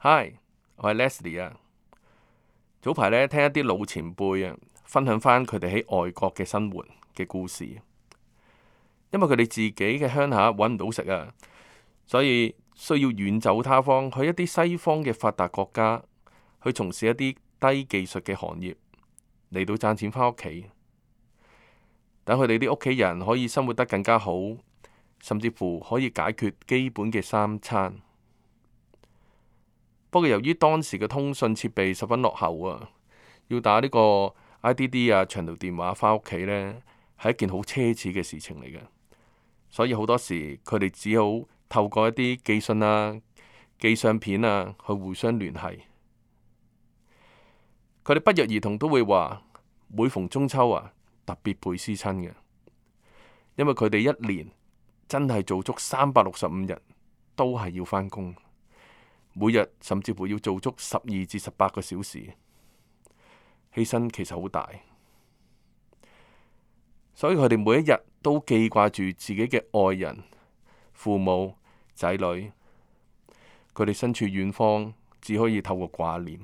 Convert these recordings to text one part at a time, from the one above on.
Hi，我係 Leslie 啊。早排呢，聽一啲老前輩啊分享翻佢哋喺外國嘅生活嘅故事，因為佢哋自己嘅鄉下揾唔到食啊，所以需要遠走他方去一啲西方嘅發達國家，去從事一啲低技術嘅行業嚟到賺錢翻屋企，等佢哋啲屋企人可以生活得更加好，甚至乎可以解決基本嘅三餐。不過，由於當時嘅通訊設備十分落後啊，要打呢個 IDD 啊長途電話翻屋企呢，係一件好奢侈嘅事情嚟嘅。所以好多時佢哋只好透過一啲寄信啊、寄相片啊去互相聯繫。佢哋不約而同都會話，每逢中秋啊，特別倍思親嘅，因為佢哋一年真係做足三百六十五日，都係要翻工。每日甚至乎要做足十二至十八個小時，犧牲其實好大，所以佢哋每一日都記掛住自己嘅愛人、父母、仔女。佢哋身處遠方，只可以透過掛念。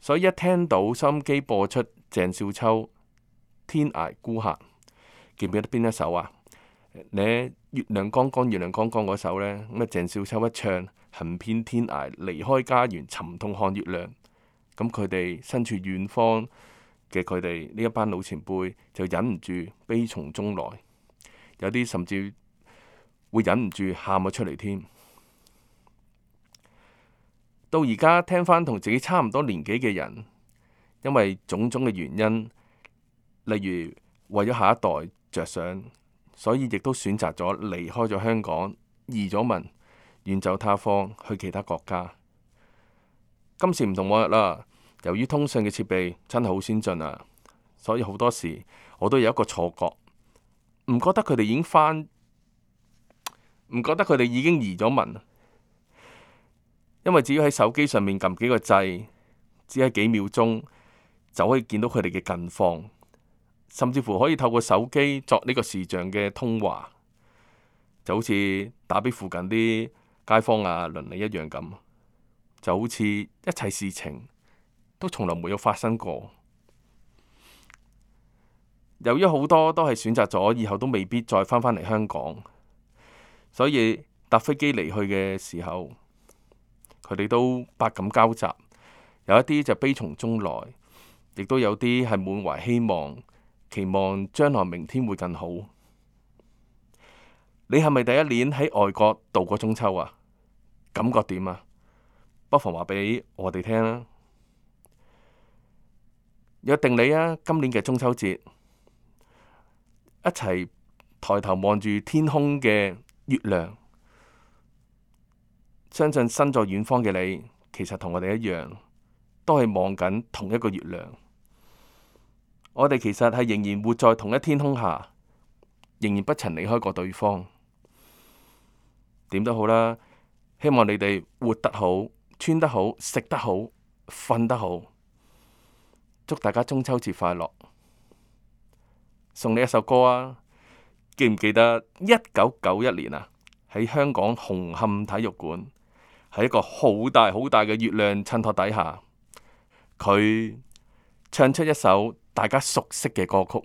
所以一聽到收音機播出鄭少秋《天涯孤客》，記唔記得邊一首啊？咧月亮光光，月亮光光嗰首呢？咁啊，鄭少秋一唱，行遍天涯，離開家園，沉痛看月亮。咁佢哋身處遠方嘅佢哋呢一班老前輩，就忍唔住悲從中來，有啲甚至會忍唔住喊咗出嚟添。到而家聽返同自己差唔多年紀嘅人，因為種種嘅原因，例如為咗下一代着想，所以亦都選擇咗離開咗香港，移咗民。遠走他方，去其他國家。今時唔同往日啦。由於通訊嘅設備真係好先進啊，所以好多時我都有一個錯覺，唔覺得佢哋已經返，唔覺得佢哋已經移咗民。因為只要喺手機上面撳幾個掣，只係幾秒鐘就可以見到佢哋嘅近況，甚至乎可以透過手機作呢個視像嘅通話，就好似打俾附近啲。街坊啊，鄰里一樣咁，就好似一切事情都從來沒有發生過。由於好多都係選擇咗以後都未必再返返嚟香港，所以搭飛機離去嘅時候，佢哋都百感交集。有一啲就悲從中來，亦都有啲係滿懷希望，期望將來明天會更好。你係咪第一年喺外國度過中秋啊？感覺點啊？不妨話俾我哋聽啦。約定你啊，今年嘅中秋節，一齊抬頭望住天空嘅月亮。相信身在遠方嘅你，其實同我哋一樣，都係望緊同一個月亮。我哋其實係仍然活在同一天空下，仍然不曾離開過對方。點都好啦。希望你哋活得好、穿得好、食得好、瞓得好。祝大家中秋節快樂！送你一首歌啊，記唔記得一九九一年啊，喺香港紅磡體育館，喺一個好大好大嘅月亮襯托底下，佢唱出一首大家熟悉嘅歌曲。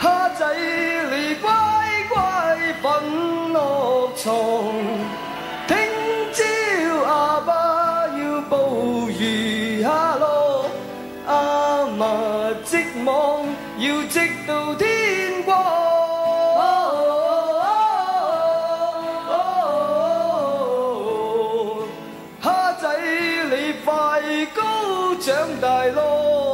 蝦仔你乖乖瞓落床，聽朝阿爸要捕魚蝦咯，阿嫲，織網要織到天光。蝦、哦哦哦哦哦哦、仔你快高長大咯！